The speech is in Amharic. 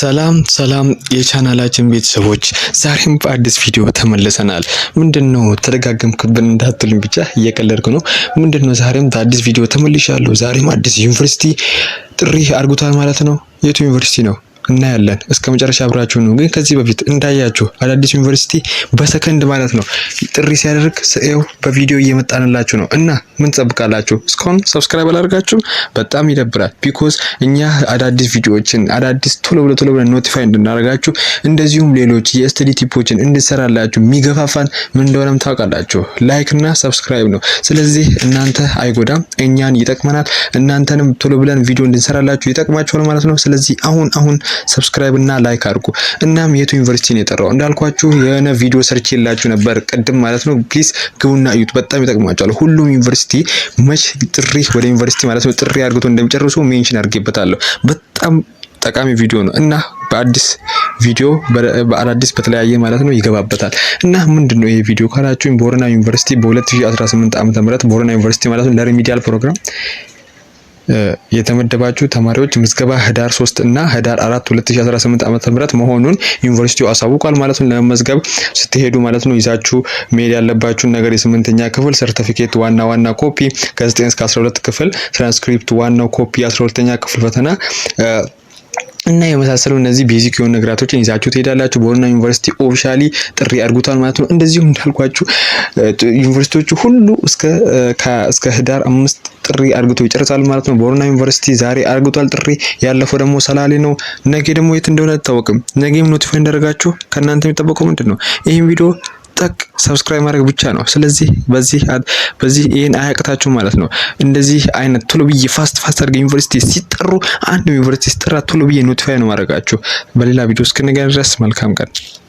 ሰላም ሰላም የቻናላችን ቤተሰቦች ዛሬም በአዲስ ቪዲዮ ተመልሰናል። ምንድን ነው ተደጋገምክብን እንዳትሉኝ ብቻ እየቀለድኩ ነው። ምንድን ነው ዛሬም በአዲስ ቪዲዮ ተመልሻለሁ። ዛሬም አዲስ ዩኒቨርሲቲ ጥሪ አድርጉታል ማለት ነው። የቱ ዩኒቨርሲቲ ነው እናያለን። እስከ መጨረሻ አብራችሁ ነው። ግን ከዚህ በፊት እንዳያችሁ አዳዲስ ዩኒቨርሲቲ በሰከንድ ማለት ነው ጥሪ ሲያደርግ ስኤው በቪዲዮ እየመጣንላችሁ ነው እና ምን ትጠብቃላችሁ? እስካሁን ሰብስክራይብ አላደርጋችሁም? በጣም ይደብራል። ቢኮዝ እኛ አዳዲስ ቪዲዮዎችን አዳዲስ ቶሎ ብሎ ቶሎ ብለን ኖቲፋይ እንድናደርጋችሁ እንደዚሁም ሌሎች የኤስቲዲ ቲፖችን እንድሰራላችሁ የሚገፋፋን ምን እንደሆነም ታውቃላችሁ፣ ላይክ እና ሰብስክራይብ ነው። ስለዚህ እናንተ አይጎዳም፣ እኛን ይጠቅመናል፣ እናንተንም ቶሎ ብለን ቪዲዮ እንድንሰራላችሁ ይጠቅማችኋል ማለት ነው። ስለዚህ አሁን አሁን ሰብስክራይብ እና ላይክ አድርጉ። እናም የቱ ዩኒቨርሲቲ ነው የጠራው እንዳልኳችሁ የሆነ ቪዲዮ ሰርች የላችሁ ነበር ቅድም ማለት ነው። ፕሊስ ግቡና እዩት፣ በጣም ይጠቅማቸዋል። ሁሉም ዩኒቨርሲቲ መች ጥሪ ወደ ዩኒቨርሲቲ ማለት ነው ጥሪ አድርገው እንደሚጨርሱ ሜንሽን አድርጌበታለሁ። በጣም ጠቃሚ ቪዲዮ ነው እና በአዲስ ቪዲዮ በአዳዲስ በተለያየ ማለት ነው ይገባበታል። እና ምንድን ነው ይሄ ቪዲዮ ካላችሁ ቦረና ዩኒቨርሲቲ በ2018 ዓ ም ቦረና ዩኒቨርሲቲ ማለት ነው ለሪሚዲያል ፕሮግራም የተመደባችሁ ተማሪዎች ምዝገባ ህዳር 3 እና ህዳር 4 2018 ዓ.ም መሆኑን ዩኒቨርሲቲው አሳውቋል ማለት ነው። ለመመዝገብ ስትሄዱ ማለት ነው ይዛችሁ መሄድ ያለባችሁን ነገር የስምንተኛ ክፍል ሰርቲፊኬት ዋና ዋና ኮፒ፣ ከ9 እስከ 12 ክፍል ትራንስክሪፕት ዋናው ኮፒ፣ 12ኛ ክፍል ፈተና እና የመሳሰሉ እነዚህ ቤዚክ የሆኑ ነገራቶችን ይዛችሁ ትሄዳላችሁ። ቦረና ዩኒቨርሲቲ ኦፊሻሊ ጥሪ አድርጉታል ማለት ነው። እንደዚሁም እንዳልኳችሁ ዩኒቨርሲቲዎቹ ሁሉ እስከ ህዳር አምስት ጥሪ አርግቶ ይጨርሳል ማለት ነው። ቦረና ዩኒቨርሲቲ ዛሬ አርግቷል ጥሪ። ያለፈው ደግሞ ሰላሌ ነው። ነገ ደግሞ የት እንደሆነ አይታወቅም። ነገም ኖቲፋይ እንዳደረጋችሁ ከእናንተ የሚጠበቀው ምንድን ነው? ይህም ቪዲዮ ጠቅ ሰብስክራይብ ማድረግ ብቻ ነው። ስለዚህ በዚህ በዚህ ይህን አያቅታችሁ ማለት ነው። እንደዚህ አይነት ቶሎ ብዬ ፋስት ፋስት አድርገ ዩኒቨርሲቲ ሲጠሩ አንድ ዩኒቨርሲቲ ሲጠራ ቶሎ ብዬ ኖቲፋይ ነው ማድረጋችሁ። በሌላ ቪዲዮ እስክንገናኝ ድረስ መልካም ቀን